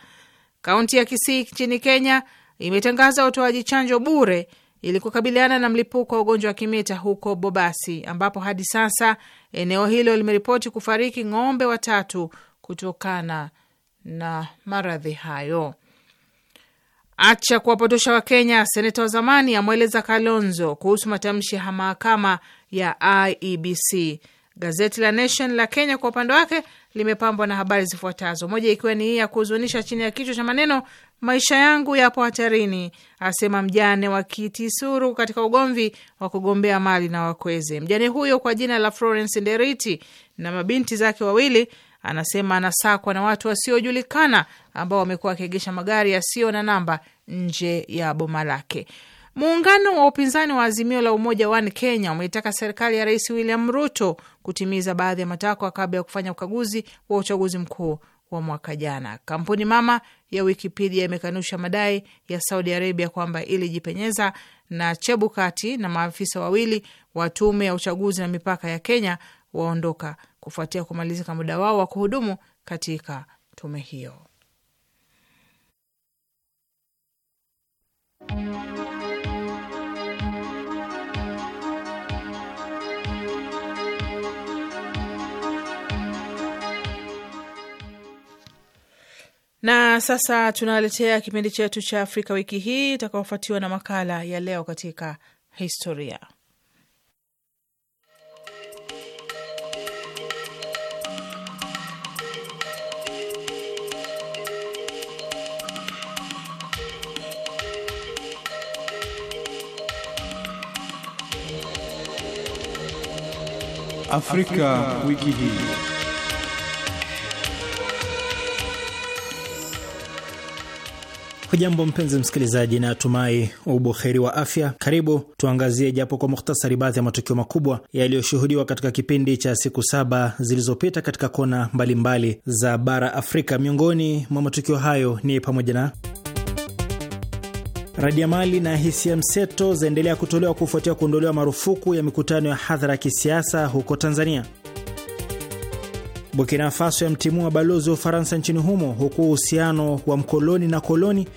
Kaunti ya Kisii nchini Kenya imetangaza utoaji chanjo bure ili kukabiliana na mlipuko wa ugonjwa wa kimeta huko Bobasi, ambapo hadi sasa eneo hilo limeripoti kufariki ng'ombe watatu kutokana na maradhi hayo. Acha kuwapotosha Wakenya, seneta wa zamani amweleza Kalonzo kuhusu matamshi ya mahakama ya IEBC. Gazeti la Nation la Kenya kwa upande wake limepambwa na habari zifuatazo, moja ikiwa ni hii ya kuhuzunisha chini ya kichwa cha maneno maisha yangu yapo hatarini, asema mjane wa Kitisuru katika ugomvi wa kugombea mali na wakweze. Mjane huyo kwa jina la Florence Nderiti na mabinti zake wawili anasema anasakwa na watu wasiojulikana ambao wamekuwa wakiegesha magari yasiyo na namba nje ya boma lake. Muungano wa upinzani wa Azimio la Umoja One Kenya umeitaka serikali ya Rais William Ruto kutimiza baadhi ya matakwa kabla ya kufanya ukaguzi wa uchaguzi mkuu wa mwaka jana. Kampuni mama ya Wikipedia imekanusha madai ya Saudi Arabia kwamba ilijipenyeza, na Chebukati na maafisa wawili wa tume ya uchaguzi na mipaka ya Kenya waondoka kufuatia kumalizika muda wao wa kuhudumu katika tume hiyo. Na sasa tunaletea kipindi chetu cha Afrika wiki hii itakaofuatiwa na makala ya leo katika historia. Afrika, wiki hii. Hujambo mpenzi msikilizaji, na atumai ubuheri wa afya. Karibu tuangazie japo kwa muhtasari baadhi ya matukio makubwa yaliyoshuhudiwa katika kipindi cha siku saba zilizopita katika kona mbalimbali mbali za bara Afrika. Miongoni mwa matukio hayo ni pamoja na Radiamali na hisia mseto zaendelea kutolewa kufuatia kuondolewa marufuku ya mikutano ya hadhara ya kisiasa huko Tanzania. Burkina Faso yamtimua balozi wa Ufaransa nchini humo, huku uhusiano wa mkoloni na koloni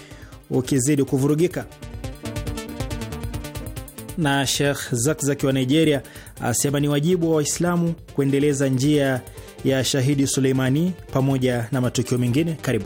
ukizidi kuvurugika. Na Sheikh Zakzaki wa Nigeria asema ni wajibu wa Waislamu kuendeleza njia ya Shahidi Suleimani pamoja na matukio mengine. Karibu.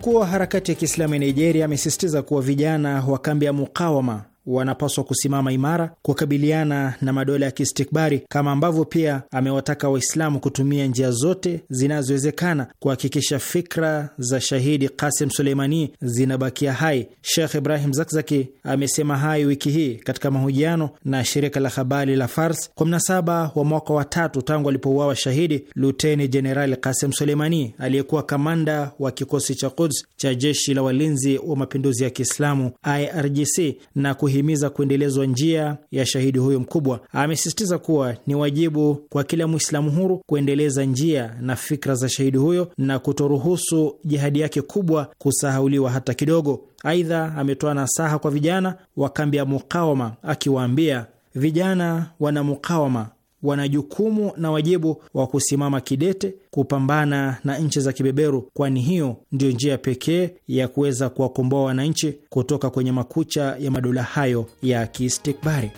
mkuu wa harakati ya Kiislamu ya Nigeria amesisitiza kuwa vijana wa kambi ya mukawama wanapaswa kusimama imara kukabiliana na madola ya kiistikbari, kama ambavyo pia amewataka Waislamu kutumia njia zote zinazowezekana kuhakikisha fikra za shahidi Qasim Suleimani zinabakia hai. shekh Ibrahim Zakzaki amesema hayo wiki hii katika mahojiano na shirika la habari la Fars kwa mnasaba wa mwaka wa tatu tangu alipouawa shahidi Luteni Jenerali Qasim Suleimani aliyekuwa kamanda wa kikosi cha Quds cha jeshi la walinzi wa mapinduzi ya Kiislamu IRGC na kuhi kuhimiza kuendelezwa njia ya shahidi huyo mkubwa. Amesisitiza kuwa ni wajibu kwa kila Mwislamu huru kuendeleza njia na fikra za shahidi huyo na kutoruhusu jihadi yake kubwa kusahauliwa hata kidogo. Aidha, ametoa nasaha kwa vijana wa kambi ya Mukawama akiwaambia vijana wana mukawama wana jukumu na wajibu wa kusimama kidete kupambana na nchi za kibeberu, kwani hiyo ndiyo njia pekee ya kuweza kuwakomboa wananchi kutoka kwenye makucha ya madola hayo ya kiistikbari.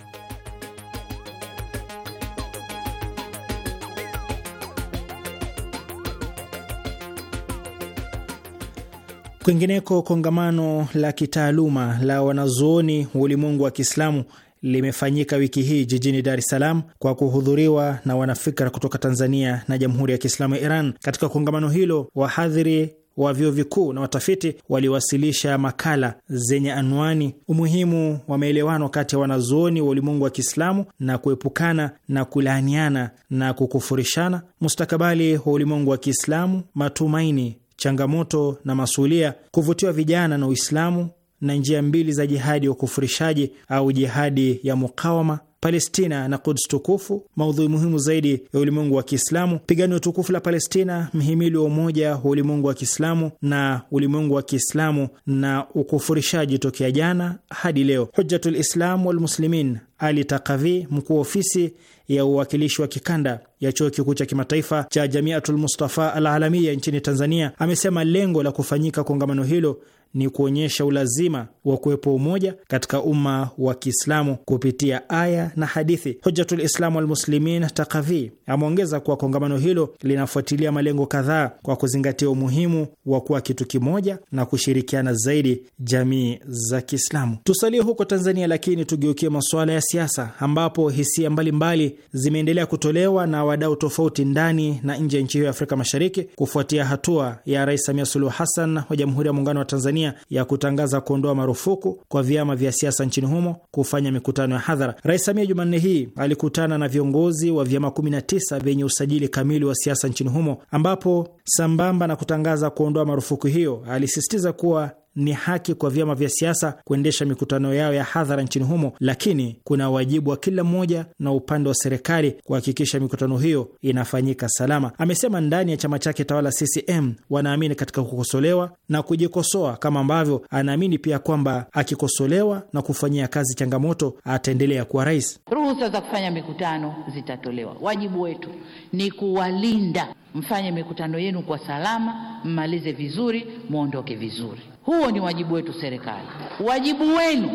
Kwingineko, kongamano la kitaaluma la wanazuoni wa ulimwengu wa Kiislamu limefanyika wiki hii jijini Dar es Salaam kwa kuhudhuriwa na wanafikra kutoka Tanzania na Jamhuri ya Kiislamu ya Iran. Katika kongamano hilo, wahadhiri wa vyuo vikuu na watafiti waliwasilisha makala zenye anwani umuhimu wa maelewano kati ya wanazuoni wa ulimwengu wa Kiislamu na kuepukana na kulaaniana na kukufurishana, mustakabali wa ulimwengu wa Kiislamu, matumaini, changamoto na masuulia, kuvutiwa vijana na Uislamu na njia mbili za jihadi ya ukufurishaji au jihadi ya mukawama, Palestina na Kuds tukufu, maudhui muhimu zaidi ya ulimwengu wa Kiislamu, pigano tukufu la Palestina, mhimili wa umoja wa ulimwengu wa Kiislamu na ulimwengu wa Kiislamu na ukufurishaji tokea jana hadi leo. Hujjatul Islam Walmuslimin Ali Takavi, mkuu wa ofisi ya uwakilishi wa kikanda ya chuo kikuu cha kimataifa cha Jamiatul Mustafa Al Alamiya nchini Tanzania, amesema lengo la kufanyika kongamano hilo ni kuonyesha ulazima wa kuwepo umoja katika umma wa Kiislamu kupitia aya na hadithi. Hujjatul Islamu Walmuslimin Takavi ameongeza kuwa kongamano hilo linafuatilia malengo kadhaa kwa kuzingatia umuhimu wa kuwa kitu kimoja na kushirikiana zaidi jamii za Kiislamu. Tusalie huko Tanzania, lakini tugeukie masuala ya siasa, ambapo hisia mbalimbali zimeendelea kutolewa na wadau tofauti ndani na nje ya nchi hiyo ya Afrika Mashariki kufuatia hatua ya Rais Samia Suluhu Hassan wa Jamhuri ya Muungano wa Tanzania Tanzania ya kutangaza kuondoa marufuku kwa vyama vya siasa nchini humo kufanya mikutano ya hadhara. Rais Samia Jumanne hii alikutana na viongozi wa vyama 19 vyenye usajili kamili wa siasa nchini humo, ambapo sambamba na kutangaza kuondoa marufuku hiyo alisisitiza kuwa ni haki kwa vyama vya siasa kuendesha mikutano yao ya hadhara nchini humo, lakini kuna wajibu wa kila mmoja na upande wa serikali kuhakikisha mikutano hiyo inafanyika salama, amesema. Ndani ya chama chake tawala CCM wanaamini katika kukosolewa na kujikosoa, kama ambavyo anaamini pia kwamba akikosolewa na kufanyia kazi changamoto ataendelea kuwa rais. Ruhusa za kufanya mikutano zitatolewa. Wajibu wetu ni kuwalinda mfanye mikutano yenu kwa salama, mmalize vizuri, mwondoke vizuri. Huo ni wajibu wetu serikali. Wajibu wenu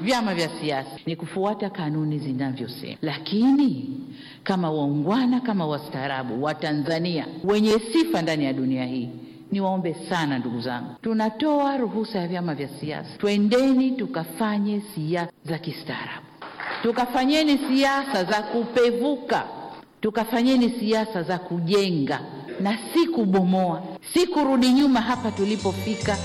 vyama vya siasa ni kufuata kanuni zinavyosema, lakini kama waungwana, kama wastaarabu wa Tanzania wenye sifa ndani ya dunia hii Niwaombe sana ndugu zangu, tunatoa ruhusa ya vyama vya siasa, twendeni tukafanye siasa za kistaarabu, tukafanyeni siasa za kupevuka tukafanyeni siasa za kujenga na si kubomoa, si kurudi nyuma hapa tulipofika.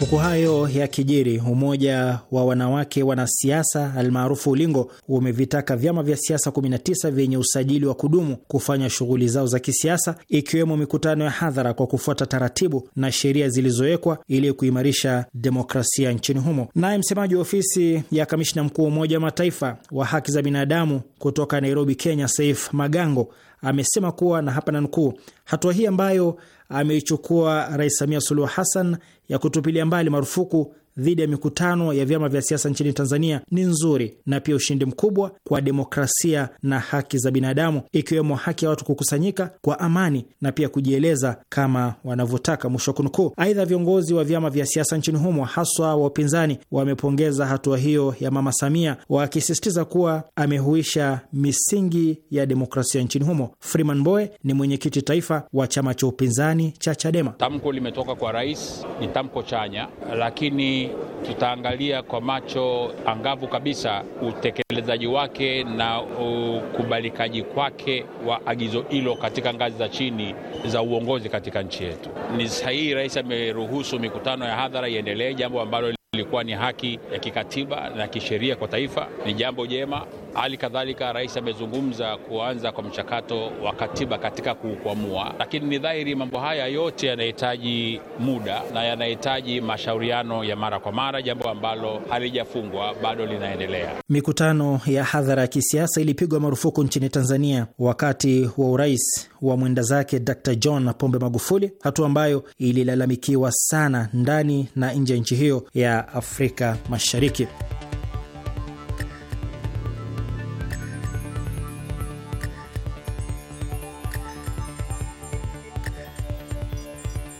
Huku hayo ya kijiri, umoja wa wanawake wanasiasa almaarufu Ulingo umevitaka vyama vya siasa 19 vyenye usajili wa kudumu kufanya shughuli zao za kisiasa, ikiwemo mikutano ya hadhara kwa kufuata taratibu na sheria zilizowekwa ili kuimarisha demokrasia nchini humo. Naye msemaji wa ofisi ya kamishna mkuu wa Umoja wa Mataifa wa haki za binadamu kutoka Nairobi, Kenya, Saif Magango amesema kuwa na hapa na nukuu, hatua hii ambayo ameichukua Rais Samia Suluhu Hassan ya kutupilia mbali marufuku dhidi ya mikutano ya vyama vya siasa nchini Tanzania ni nzuri na pia ushindi mkubwa kwa demokrasia na haki za binadamu, ikiwemo haki ya watu kukusanyika kwa amani na pia kujieleza kama wanavyotaka, mwisho wa kunukuu. Aidha, viongozi wa vyama vya siasa nchini humo haswa wa upinzani wamepongeza hatua hiyo ya Mama Samia, wakisisitiza kuwa amehuisha misingi ya demokrasia nchini humo. Freeman Mbowe ni mwenyekiti taifa wa chama cha upinzani cha Chadema. Tamko limetoka kwa rais, ni tamko chanya, lakini tutaangalia kwa macho angavu kabisa utekelezaji wake na ukubalikaji kwake wa agizo hilo katika ngazi za chini za uongozi katika nchi yetu. Ni sahihi, rais ameruhusu mikutano ya hadhara iendelee, jambo ambalo lilikuwa ni haki ya kikatiba na kisheria kwa taifa, ni jambo jema. Hali kadhalika rais amezungumza kuanza kwa mchakato wa katiba katika kuukwamua, lakini ni dhahiri mambo haya yote yanahitaji muda na yanahitaji mashauriano ya mara kwa mara, jambo ambalo halijafungwa bado linaendelea. Mikutano ya hadhara ya kisiasa ilipigwa marufuku nchini Tanzania wakati wa urais wa mwenda zake Dr John Pombe Magufuli, hatua ambayo ililalamikiwa sana ndani na nje ya nchi hiyo ya Afrika Mashariki.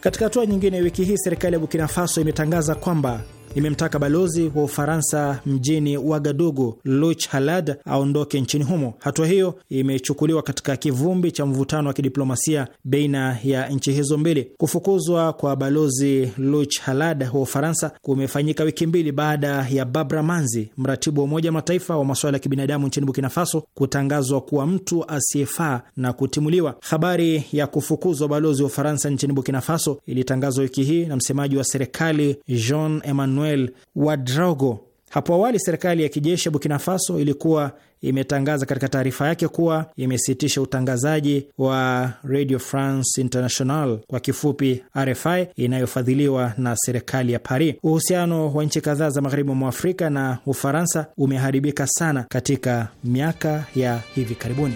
Katika hatua nyingine, wiki hii serikali ya Burkina Faso imetangaza kwamba imemtaka balozi wa Ufaransa mjini Wagadugu Luch Halad aondoke nchini humo. Hatua hiyo imechukuliwa katika kivumbi cha mvutano wa kidiplomasia baina ya nchi hizo mbili. Kufukuzwa kwa balozi Luch Halad wa Ufaransa kumefanyika wiki mbili baada ya Babra Manzi, mratibu wa Umoja Mataifa wa masuala ya kibinadamu nchini Burkina Faso, kutangazwa kuwa mtu asiyefaa na kutimuliwa. Habari ya kufukuzwa balozi wa Ufaransa nchini Burkina Faso ilitangazwa wiki hii na msemaji wa serikali Jean Emmanuel Emmanuel Wadrogo. Hapo awali serikali ya kijeshi ya Burkina Faso ilikuwa imetangaza katika taarifa yake kuwa imesitisha utangazaji wa Radio France International kwa kifupi RFI inayofadhiliwa na serikali ya Paris. Uhusiano wa nchi kadhaa za magharibi mwa Afrika na Ufaransa umeharibika sana katika miaka ya hivi karibuni.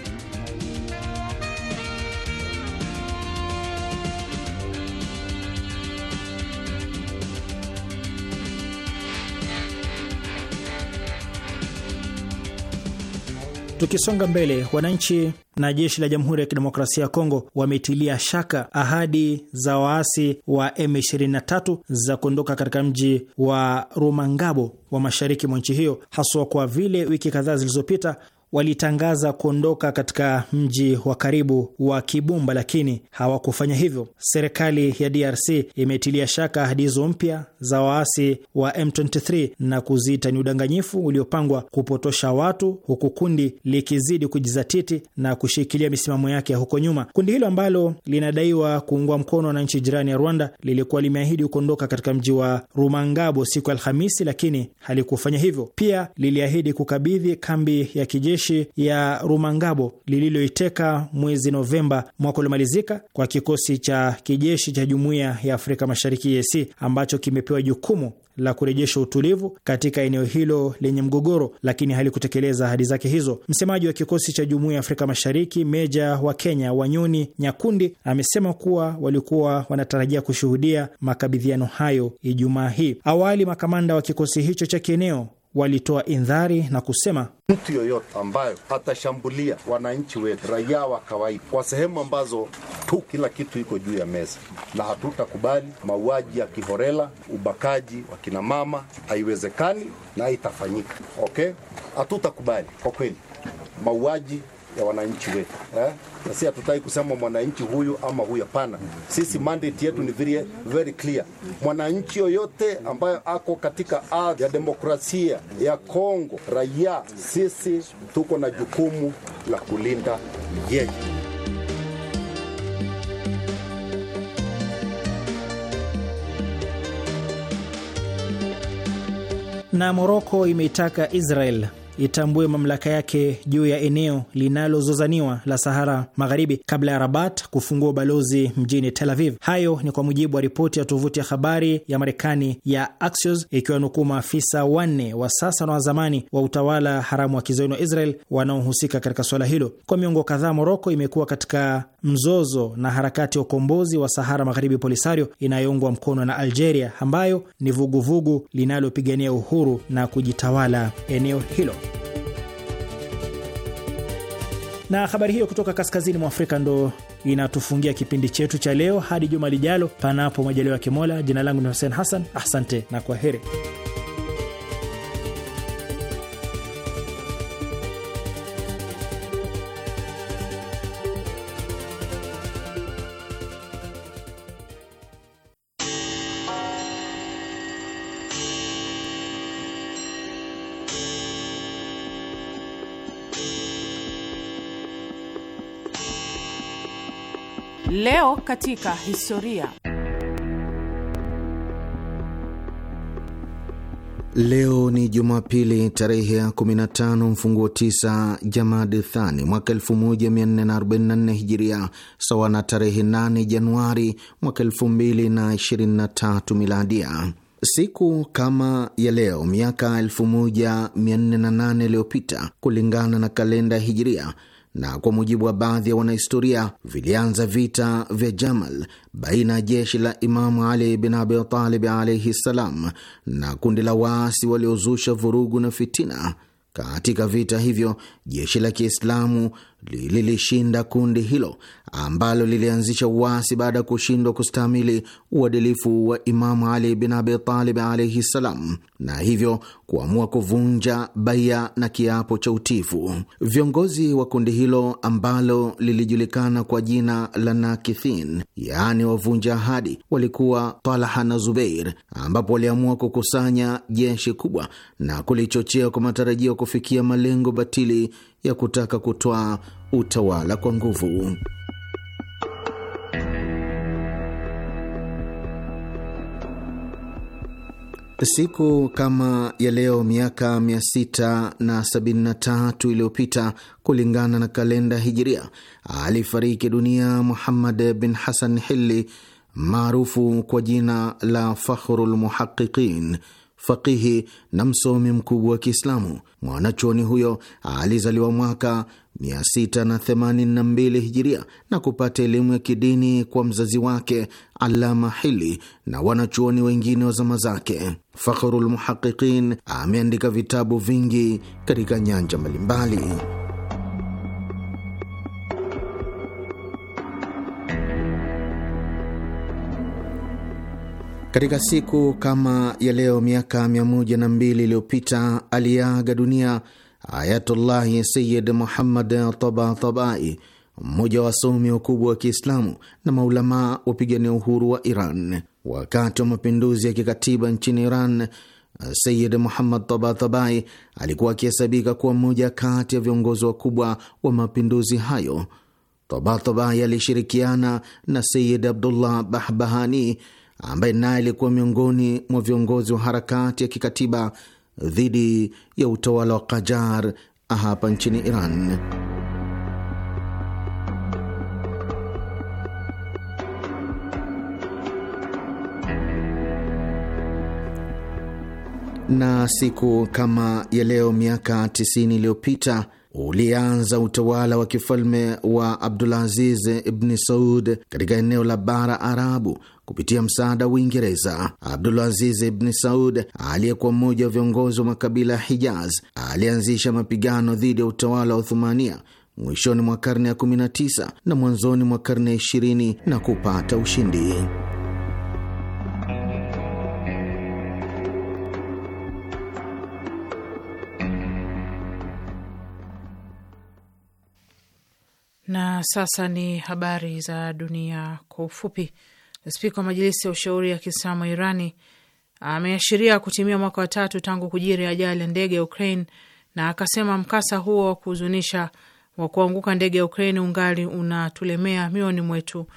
Tukisonga mbele, wananchi na jeshi la Jamhuri ya Kidemokrasia ya Kongo wametilia shaka ahadi za waasi wa M23 za kuondoka katika mji wa Rumangabo wa mashariki mwa nchi hiyo, haswa kwa vile wiki kadhaa zilizopita walitangaza kuondoka katika mji wa karibu wa Kibumba, lakini hawakufanya hivyo. Serikali ya DRC imetilia shaka ahadi hizo mpya za waasi wa M23 na kuziita ni udanganyifu uliopangwa kupotosha watu, huku kundi likizidi kujizatiti na kushikilia misimamo yake ya huko nyuma. Kundi hilo ambalo linadaiwa kuungwa mkono na nchi jirani ya Rwanda lilikuwa limeahidi kuondoka katika mji wa Rumangabo siku ya Alhamisi, lakini halikufanya hivyo. Pia liliahidi kukabidhi kambi ya kijeshi majeshi ya Rumangabo lililoiteka mwezi Novemba mwaka uliomalizika kwa kikosi cha kijeshi cha Jumuiya ya Afrika Mashariki EAC ambacho kimepewa jukumu la kurejesha utulivu katika eneo hilo lenye mgogoro, lakini halikutekeleza ahadi zake hizo. Msemaji wa kikosi cha Jumuiya ya Afrika Mashariki, meja wa Kenya Wanyoni Nyakundi, amesema kuwa walikuwa wanatarajia kushuhudia makabidhiano hayo Ijumaa hii. Awali makamanda wa kikosi hicho cha kieneo walitoa indhari na kusema, mtu yoyote ambayo atashambulia wananchi wetu, raia wa kawaida, kwa sehemu ambazo tu kila kitu iko juu ya meza, na hatutakubali mauaji ya kihorela, ubakaji wa kinamama, haiwezekani na itafanyika. Okay, hatutakubali kwa kweli mauaji ya wananchi wetu eh? Na si hatutaki kusema mwananchi huyu ama huyu, hapana. Sisi mandate yetu ni very, very clear. Mwananchi yoyote ambayo ako katika ardhi ya demokrasia ya Kongo, raia, sisi tuko na jukumu la kulinda yeye. Na Moroko imeitaka Israel itambue mamlaka yake juu ya eneo linalozozaniwa la Sahara Magharibi kabla ya Rabat kufungua ubalozi mjini Tel Aviv. Hayo ni kwa mujibu wa ripoti ya tovuti ya habari ya Marekani ya Axios, ikiwa nukuu maafisa wanne wa sasa na wa zamani wa utawala haramu wa kizayuni wa Israel wanaohusika katika suala hilo. Kwa miongo kadhaa, Moroko imekuwa katika mzozo na harakati ya ukombozi wa Sahara Magharibi Polisario inayoungwa mkono na Algeria, ambayo ni vuguvugu linalopigania uhuru na kujitawala eneo hilo. Na habari hiyo kutoka kaskazini mwa Afrika ndo inatufungia kipindi chetu cha leo. Hadi juma lijalo, panapo majaliwa ya Kimola. Jina langu ni Hussein Hassan, asante na kwa heri. Leo katika historia. Leo ni Jumapili tarehe ya 15 mfunguo 9 Jamadi Thani mwaka 1444 Hijiria, sawa na tarehe 8 Januari mwaka 2023 Miladia. Siku kama ya leo miaka 1408 iliyopita kulingana na kalenda Hijiria, na kwa mujibu wa baadhi ya wanahistoria vilianza vita vya Jamal baina ya jeshi la Imamu Ali bin Abi Talib alaihi ssalam na kundi la waasi waliozusha vurugu na fitina. Katika vita hivyo jeshi la Kiislamu lililishinda kundi hilo ambalo lilianzisha uasi baada ya kushindwa kustahamili uadilifu wa Imamu Ali bin Abi Talib alaihi ssalam, na hivyo kuamua kuvunja baia na kiapo cha utifu. Viongozi wa kundi hilo ambalo lilijulikana kwa jina la Nakithin, yaani wavunja ahadi, walikuwa Talha na Zubeir, ambapo waliamua kukusanya jeshi kubwa na kulichochea kwa matarajio ya kufikia malengo batili ya kutaka kutoa utawala kwa nguvu. Siku kama ya leo miaka 673 iliyopita kulingana na kalenda Hijiria, alifariki dunia Muhammad bin Hasan Hilli maarufu kwa jina la Fakhrul Muhaqiqin, faqihi na msomi mkubwa wa Kiislamu. Mwanachuoni huyo alizaliwa mwaka 682 hijiria na kupata elimu ya kidini kwa mzazi wake Alama Hili na wanachuoni wengine wa zama zake. Fakhrul Muhaqiqin ameandika vitabu vingi katika nyanja mbalimbali. Katika siku kama ya leo miaka 102 iliyopita aliaga dunia Ayatullahi Sayid Muhammad Tabatabai, mmoja wa wasomi wakubwa wa Kiislamu na maulamaa wapigania uhuru wa Iran. Wakati wa mapinduzi ya kikatiba nchini Iran, Sayid Muhammad Tabatabai alikuwa akihesabika kuwa mmoja kati ya viongozi wakubwa wa mapinduzi hayo. Tabatabai alishirikiana na Sayid Abdullah Bahbahani ambaye naye alikuwa miongoni mwa viongozi wa harakati ya kikatiba dhidi ya utawala wa Kajar hapa nchini Iran. Na siku kama ya leo miaka 90 iliyopita ulianza utawala wa kifalme wa Abdulaziz ibni Saud katika eneo la bara Arabu kupitia msaada wa Uingereza. Abdulaziz Ibni Saud aliyekuwa mmoja wa viongozi wa makabila ya Hijaz alianzisha mapigano dhidi ya utawala wa Uthumania mwishoni mwa karne ya 19 na mwanzoni mwa karne ya 20 na kupata ushindi. Na sasa ni habari za dunia kwa ufupi. Spika wa Majilisi ya Ushauri ya Kiislamu Irani ameashiria kutimia mwaka wa tatu tangu kujiri ajali ya ndege ya Ukraine na akasema mkasa huo wa kuhuzunisha wa kuanguka ndege ya Ukraine ungali unatulemea mioni mwetu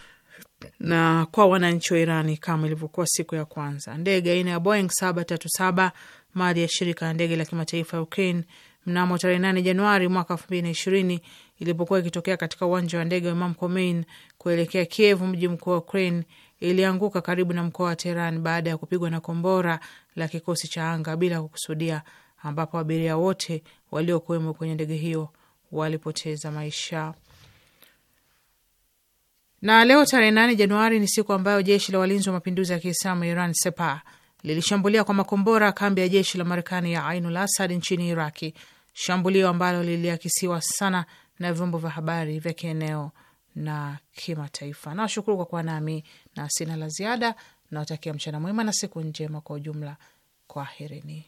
na kwa wananchi wa Irani kama ilivyokuwa siku ya kwanza. Ndege aina ya Boeing 737 mali ya shirika la ndege la kimataifa ya Ukraine mnamo tarehe nane Januari mwaka elfu mbili na ishirini ilipokuwa ikitokea katika uwanja wa ndege wa Imam Khomeini kuelekea Kiev, mji mkuu wa Ukraine, ilianguka karibu na mkoa wa Teheran baada ya kupigwa na kombora la kikosi cha anga bila kukusudia, ambapo abiria wote waliokuwemo kwenye ndege hiyo walipoteza maisha. Na leo tarehe 8 Januari ni siku ambayo jeshi la walinzi wa mapinduzi ya Kiislamu Iran Sepa lilishambulia kwa makombora kambi ya jeshi la Marekani ya Ainul Asad nchini Iraki, shambulio ambalo liliakisiwa sana na vyombo vya habari vya kieneo na kimataifa. Nawashukuru kwa kuwa nami na sina la ziada. Nawatakia mchana mwema na siku njema kwa ujumla. Kwaherini.